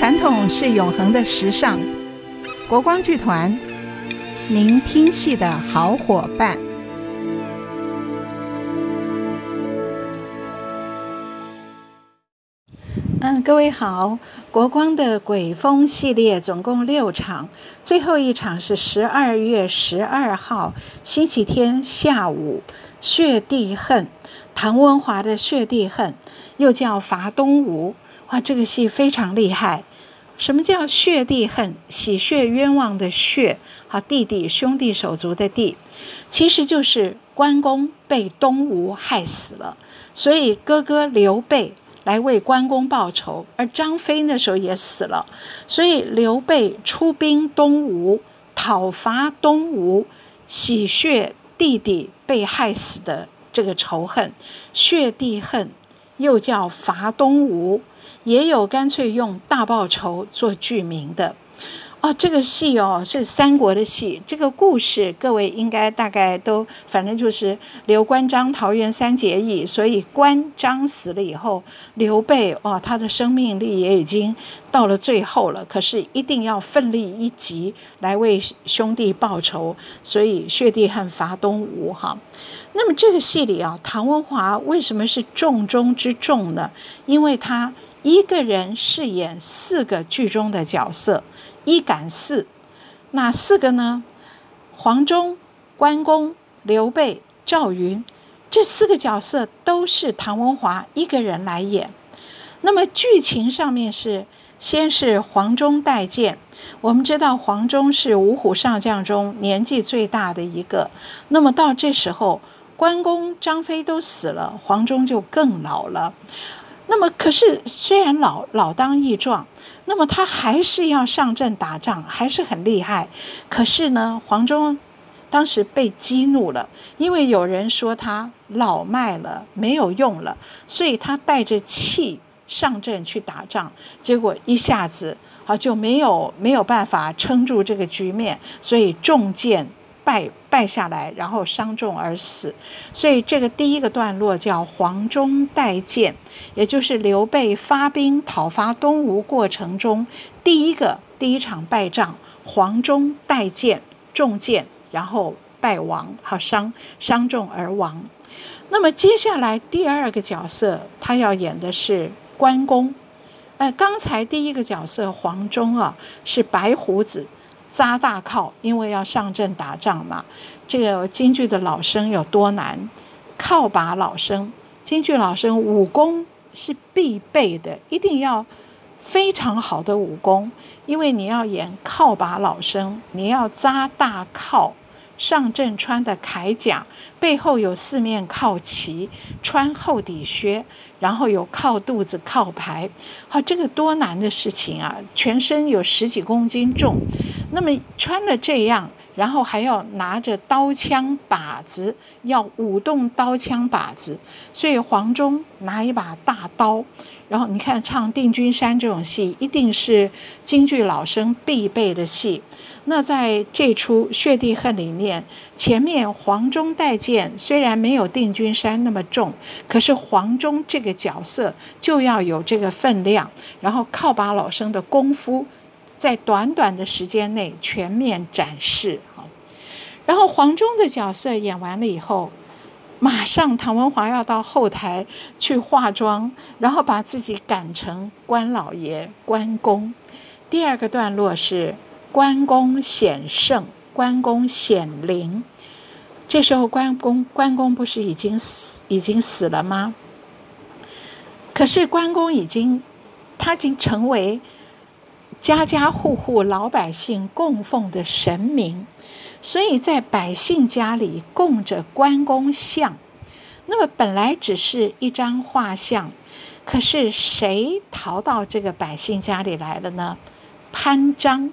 傳統是永恆的時尚，國光劇團，您聽戲的好夥伴。嗯，各位好，國光的鬼風系列總共六場，最後一場是十二月十二號星期天下午，《雪弟恨》，唐文華的《雪弟恨》，又叫伐東吳。哇，這個戲非常厲害。什麼叫雪弟恨？洗雪冤枉的雪，和弟弟兄弟手足的弟，其實就是關公被東吳害死了，所以哥哥劉備來為關公報仇，而張飛那時候也死了，所以劉備出兵東吳討伐東吳，洗雪弟弟被害死的這個仇恨，雪弟恨又叫伐東吳。也有乾脆用“大報仇”做劇名的哦。這個戲哦是三國的戲，這個故事各位應該大概都，反正就是劉關張桃園三結義。所以關張死了以後，劉備哦他的生命力也已經到了最後了。可是一定要奮力一擊來為兄弟報仇。所以雪弟恨伐東吳哈。那麼這個戲裡啊，唐文華為什麼是重中之重呢？因為他。一個人飾演四個劇中的角色，一趕四，哪四個呢？黃忠、關公、劉備、趙雲，這四個角色都是唐文華一個人來演。那麼劇情上面是，先是黃忠帶箭。我們知道黃忠是五虎上將中年紀最大的一個。那麼到這時候，關公、張飛都死了，黃忠就更老了。那麼，可是雖然老，老當益壯，那麼他還是要上陣打仗，還是很厲害。可是呢，黃忠當時被激怒了，因為有人說他老邁了，沒有用了，所以他帶着氣上陣去打仗，結果一下子啊就沒有沒有辦法撐住這個局面，所以中箭。敗敗下來，然後傷重而死。所以這個第一個段落叫黃忠帶箭，也就是劉備發兵討伐東吳過程中第一個第一場敗仗，黃忠帶箭中箭，然後敗亡，好傷傷重而亡。那麼接下來第二個角色他要演的是關公，呃，剛才第一個角色黃忠啊是白鬍子。扎大靠，因為要上陣打仗嘛。這個京劇的老生有多難？靠把老生，京劇老生武功是必備的，一定要非常好的武功，因為你要演靠把老生，你要扎大靠，上陣穿的鎧甲，背後有四面靠旗，穿厚底靴。然後有靠肚子、靠牌，好，這個多難的事情啊！全身有十幾公斤重，那麼穿了這樣，然後還要拿着刀槍把子，要舞動刀槍把子。所以黃忠拿一把大刀，然後你看唱《定軍山》這種戲，一定是京劇老生必備的戲。那在這出《雪弟恨》裡面，前面黃忠帶箭雖然沒有定軍山那麼重，可是黃忠這個角色就要有這個分量，然後靠把老生的功夫，在短短的時間內全面展示。好，然後黃忠的角色演完了以後，馬上唐文華要到後台去化妝，然後把自己趕成關老爺、關公。第二個段落是。關公顯聖，關公顯靈。這時候，關公關公不是已經死已經死了嗎？可是關公已經，他已經成為家家戶戶老百姓供奉的神明，所以在百姓家裡供着關公像。那麼本來只是一張畫像，可是誰逃到這個百姓家裡來了呢？潘璋。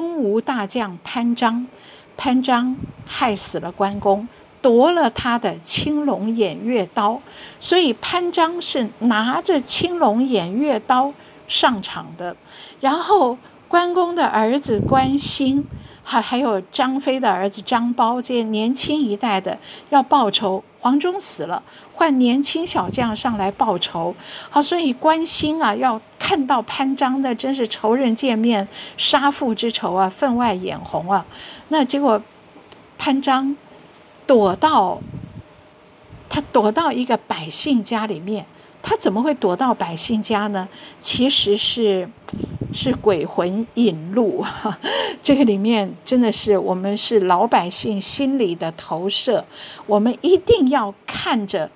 東吳大將潘璋，潘璋害死了關公，奪了他的青龍偃月刀，所以潘璋是拿着青龍偃月刀上場的。然後關公的兒子關興，還還有張飛的兒子張苞，這些年輕一代的要報仇。黃忠死了，換年輕小將上來報仇。好，所以關興啊，要看到潘璋的，真是仇人見面，殺父之仇啊，分外眼紅啊。那結果，潘璋躲到他躲到一個百姓家裡面。他怎麼會躲到百姓家呢？其實是是鬼魂引路啊，這個裡面真的是我們是老百姓心裡的投射。我們一定要看着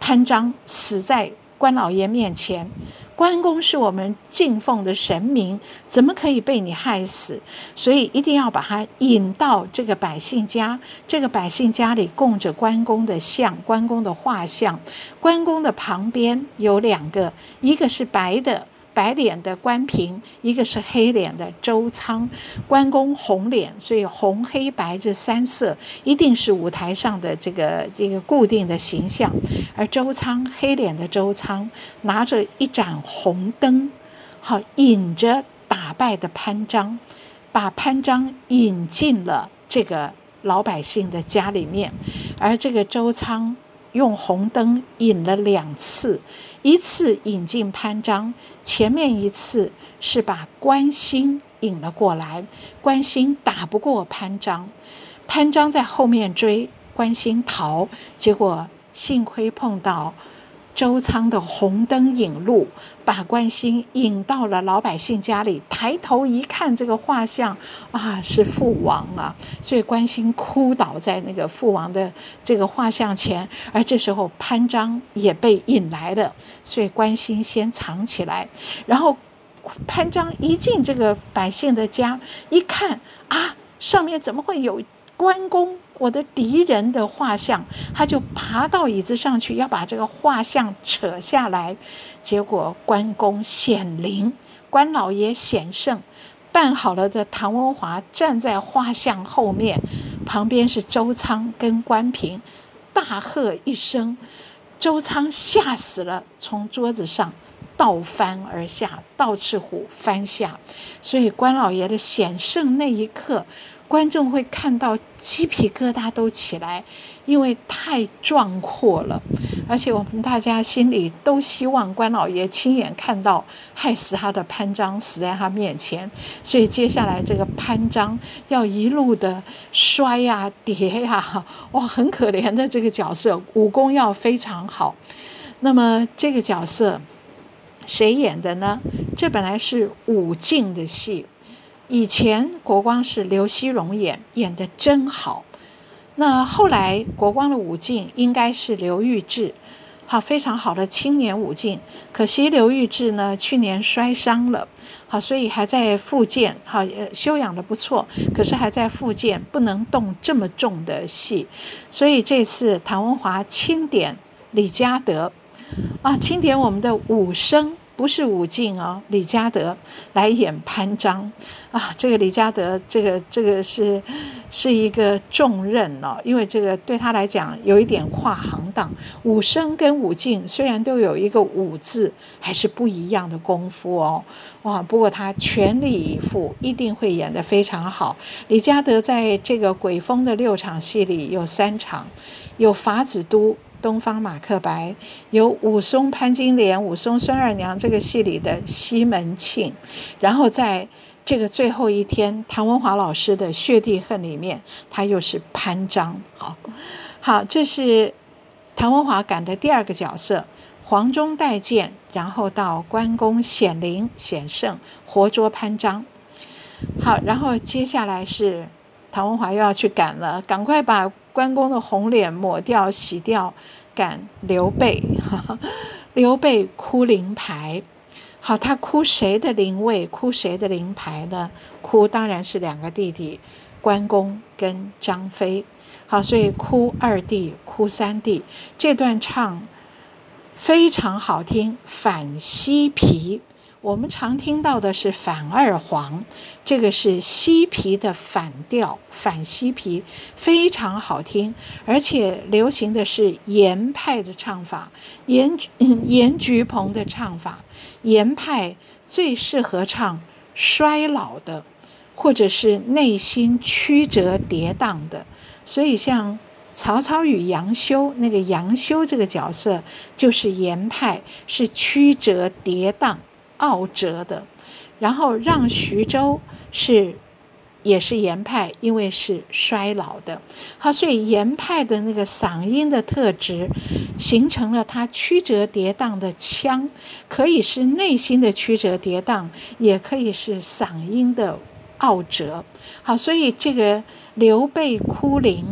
潘璋死在關老爺面前。關公是我們敬奉的神明，怎麼可以被你害死？所以一定要把他引到這個百姓家，這個百姓家裡供着關公的像、關公的畫像。關公的旁邊有兩個，一個是白的。白臉的關平，一個是黑臉的周倉，關公紅臉，所以紅、黑、白這三色一定是舞台上的這個這個固定的形象。而周倉，黑臉的周倉拿着一盞紅燈，好引着打敗的潘璋，把潘璋引進了這個老百姓的家裡面。而這個周倉用紅燈引了兩次，一次引進潘璋。前面一次是把關興引了過來，關興打不過潘璋，潘璋在後面追，關興逃，結果幸虧碰到。周倉的紅燈引路，把關興引到了老百姓家裡。抬頭一看，這個畫像啊，是父王啊，所以關興哭倒在那個父王的這個畫像前。而這時候，潘璋也被引來了，所以關興先藏起來。然後，潘璋一進這個百姓的家，一看啊，上面怎麼會有關公？我的敵人的畫像，他就爬到椅子上去要把這個畫像扯下來，結果關公顯靈，關老爺顯聖，扮好了的唐文華站在畫像後面，旁邊是周倉跟關平，大喝一聲，周倉嚇死了，從桌子上倒翻而下，倒刺虎翻下，所以關老爺的顯聖那一刻。觀眾會看到雞皮疙瘩都起來，因為太壯闊了，而且我們大家心裡都希望關老爺親眼看到害死他的潘璋死在他面前，所以接下來這個潘璋要一路的摔呀跌呀，哇，很可憐的這個角色，武功要非常好。那麼這個角色誰演的呢？這本來是武淨的戲。以前國光是劉稀榮演，演得真好。那後來國光的武生應該是劉玉志，好，非常好的青年武生。可惜劉玉志呢，去年摔傷了，好，所以還在復健，好，休養得不錯。可是還在復健，不能動這麼重的戲。所以這次唐文華欽點李家德，啊，欽點我們的武生。不是武進哦，李嘉德來演潘璋啊！這個李嘉德，這個，這個這個是是一個重任哦，因為這個對他來講有一點跨行當。武生跟武進雖然都有一個“武”字，還是不一樣的功夫哦。哇，不過他全力以赴，一定會演得非常好。李嘉德在這個《鬼風》的六場戲裡，有三場有法子都。東方馬克白有武松、潘金蓮、武松、孫二娘，這個戲裡的西門慶，然後在這個最後一天，唐文華老師的《雪弟恨》裡面，他又是潘璋。好，好，這是唐文華趕的第二個角色，黃忠帶箭，然後到關公顯靈顯聖，活捉潘璋。好，然後接下來是唐文華又要去趕了，趕快把關公的紅臉抹掉洗掉，趕劉備，劉備哭靈牌。好，他哭誰的靈位？哭誰的靈牌呢？哭當然是兩個弟弟，關公跟張飛。好，所以哭二弟，哭三弟。這段唱非常好聽，反西皮。我們常聽到的是反二黃，這個是西皮的反調，反西皮非常好聽，而且流行的是言派的唱法，言，言菊朋的唱法。言派最適合唱衰老的，或者是內心曲折跌宕的。所以像曹操與楊修那個楊修這個角色，就是言派，是曲折跌宕。拗折的，然後讓徐州是，也是言派，因為是衰老的，好，所以言派的那個嗓音的特質，形成了他曲折跌宕的腔，可以是內心的曲折跌宕，也可以是嗓音的拗折，好，所以這個劉備哭靈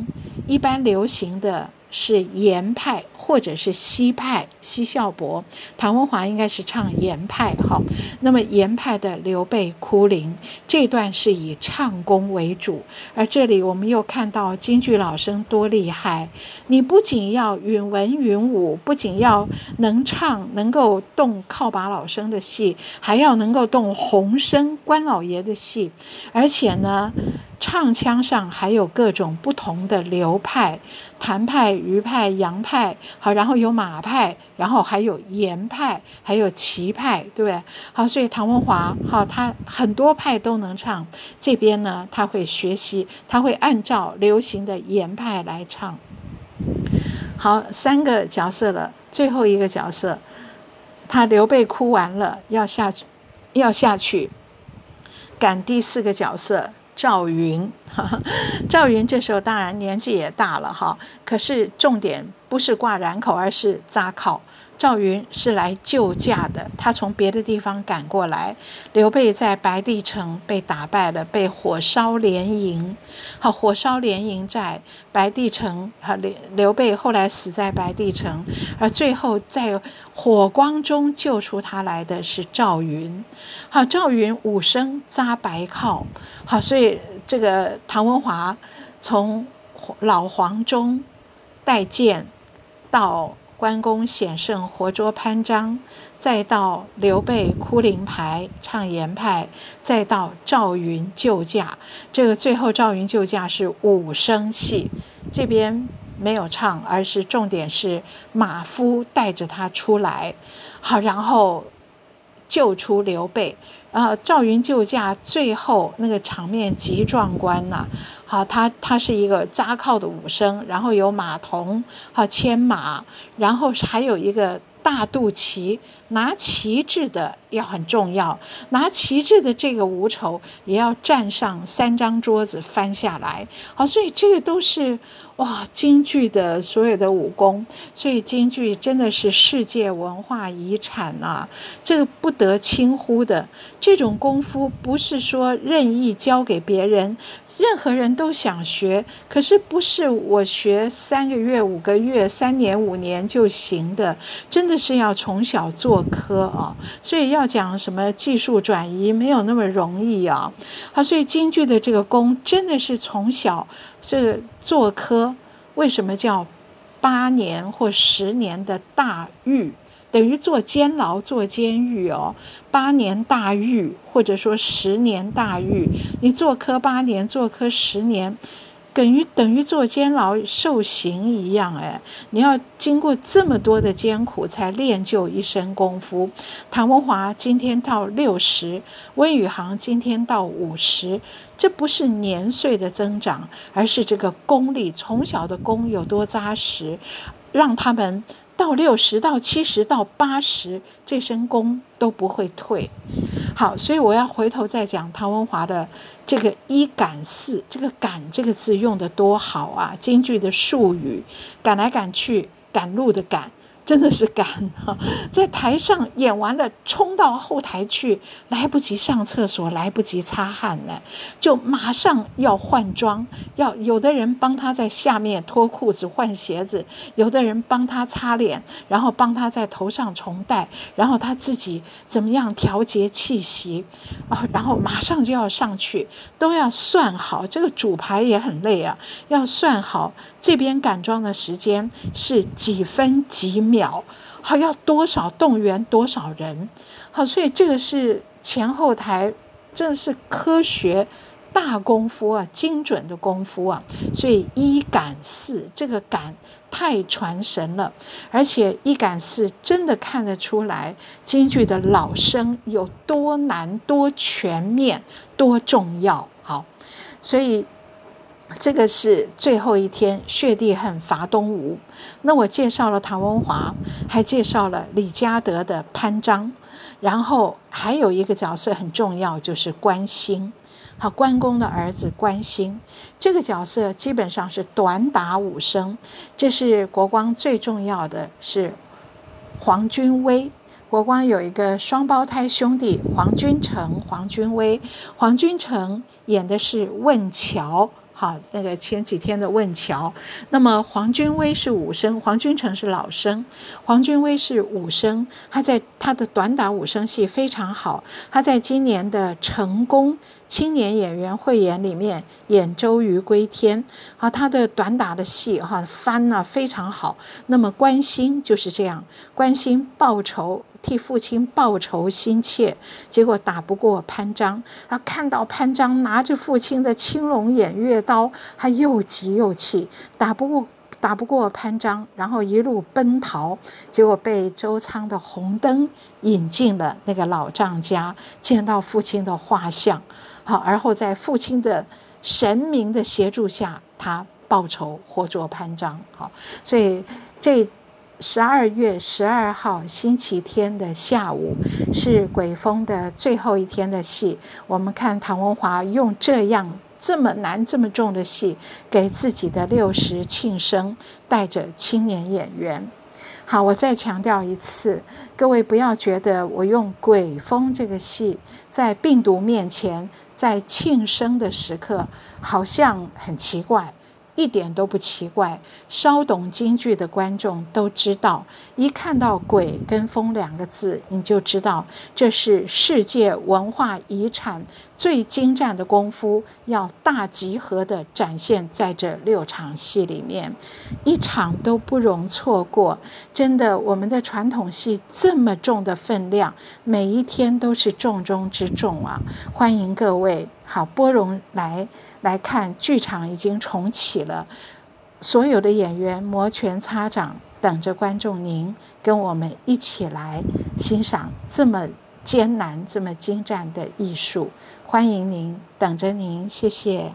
一般流行的。是言派，或者是奚派，奚嘯伯、唐文華應該是唱言派。好，那麼言派的劉備哭靈這段是以唱功為主，而這裡我們又看到京劇老生多厲害。你不僅要允文允武，不僅要能唱，能夠動靠把老生的戲，還要能夠動紅生、關老爺的戲，而且呢。唱腔上還有各種不同的流派，譚派、余派、楊派，好，然後有馬派，然後還有言派，還有奚派，對不對？好，所以唐文華，好，他很多派都能唱。這邊呢，他會學習，他會按照流行的言派來唱。好，三個角色了，最後一個角色，他劉備哭完了，要下去，要下去，趕第四個角色。趙雲，趙雲這時候當然年紀也大了哈，可是重點不是掛髯口，而是扎靠。趙雲是來救駕的，他從別的地方趕過來。劉備在白帝城被打敗了，被火燒連營，好，火燒連營在白帝城，好，劉備後來死在白帝城，而最後在火光中救出他來的是趙雲，好，趙雲武生扎白靠，好，所以這個唐文華從老黃忠帶箭到。關公顯聖，活捉潘璋，再到劉備哭靈牌唱言派，再到趙雲救駕。這個最後趙雲救駕是武生戲，這邊沒有唱，而是重點是馬夫帶着他出來，好，然後救出劉備。啊，趙雲救駕，最後那個場面極壯觀吶、啊！好、啊，他他是一個紮靠的武生，然後有馬童好、啊、牽馬，然後還有一個大肚旗拿旗幟的也很重要，拿旗幟的這個武丑也要站上三張桌子翻下來，好、啊，所以這個都是。哇，京劇的所有的武功，所以京劇真的是世界文化遺產啊，這個不得輕忽的。這種功夫不是說任意教給別人，任何人都想學，可是不是我學三個月、五個月、三年、五年就行的，真的是要從小做科啊。所以要講什麼技術轉移，沒有那麼容易啊。啊，所以京劇的這個功真的是從小這做科。為什麼叫八年或十年的大獄？等於坐監牢、坐監獄哦。八年大獄，或者說十年大獄，你坐科八年，坐科十年。等於等於坐監牢受刑一樣哎，你要經過這麼多的艱苦才練就一身功夫。唐文華今天到六十，溫宇航今天到五十，這不是年歲的增長，而是這個功力從小的功有多紮實，讓他們到六十、到七十、到八十，這身功都不會退。好，所以我要回頭再講唐文華的這個“一趕四”，這個“趕”這個字用得多好啊！京劇的術語，“趕來趕去，趕路的趕”。真的是趕哪、啊，在台上演完了，衝到後台去，來不及上廁所，來不及擦汗呢，就馬上要換裝，要有的人幫他在下面脫褲子換鞋子，有的人幫他擦臉，然後幫他在頭上重戴，然後他自己怎麼樣調節氣息，啊，然後馬上就要上去，都要算好，這個主排也很累啊，要算好。這邊趕裝的時間是幾分幾秒？好，要多少動員多少人？好，所以這個是前後台，這是科學大功夫啊，精準的功夫啊。所以一趕四，這個趕太傳神了，而且一趕四真的看得出來，京劇的老生有多難、多全面、多重要。好，所以。這個是最後一天，雪弟恨伐東吳。那我介紹了唐文華，還介紹了李嘉德的潘璋，然後還有一個角色很重要，就是關興，和關公的兒子關興。這個角色基本上是短打武生。這是國光最重要的是黃君威。國光有一個雙胞胎兄弟黃君誠、黃君威。黃君誠演的是問樵。好，那個前幾天的《問橋》，那麼黃君威是武生，黃君成是老生，黃君威是武生，他在他的短打武生戲非常好，他在今年的成功，青年演員匯演裡面演周瑜歸天、啊，他的短打的戲哈翻、啊啊、非常好。那麼關興就是這樣，關興報仇替父親報仇心切，結果打不過潘璋、啊，看到潘璋拿着父親的青龍偃月刀，他又急又氣，打不過打不過潘璋，然後一路奔逃，結果被周倉的紅燈引進了那個老丈家，見到父親的畫像。好，而後在父親的神明的協助下，他報仇活捉潘璋。好，所以這十二月十二號星期天的下午是《鬼風》的最後一天的戲。我們看唐文華用這樣這麼難這麼重的戲給自己的六十慶生，帶着青年演員。好，我再強調一次，各位不要覺得我用《鬼風》這個戲在病毒面前在慶生的時刻，好像很奇怪。一點都不奇怪，稍懂京劇的觀眾都知道，一看到“鬼跟風”兩個字，你就知道這是世界文化遺產最精湛的功夫，要大集合地展現在這六場戲裡面，一場都不容錯過。真的，我們的傳統戲這麼重的分量，每一天都是重中之重啊！歡迎各位。好，撥冗來來看，劇場已經重啟了，所有的演員摩拳擦掌，等着觀眾您跟我們一起來欣賞這麼艱難、這麼精湛的藝術。歡迎您，等着您，謝謝。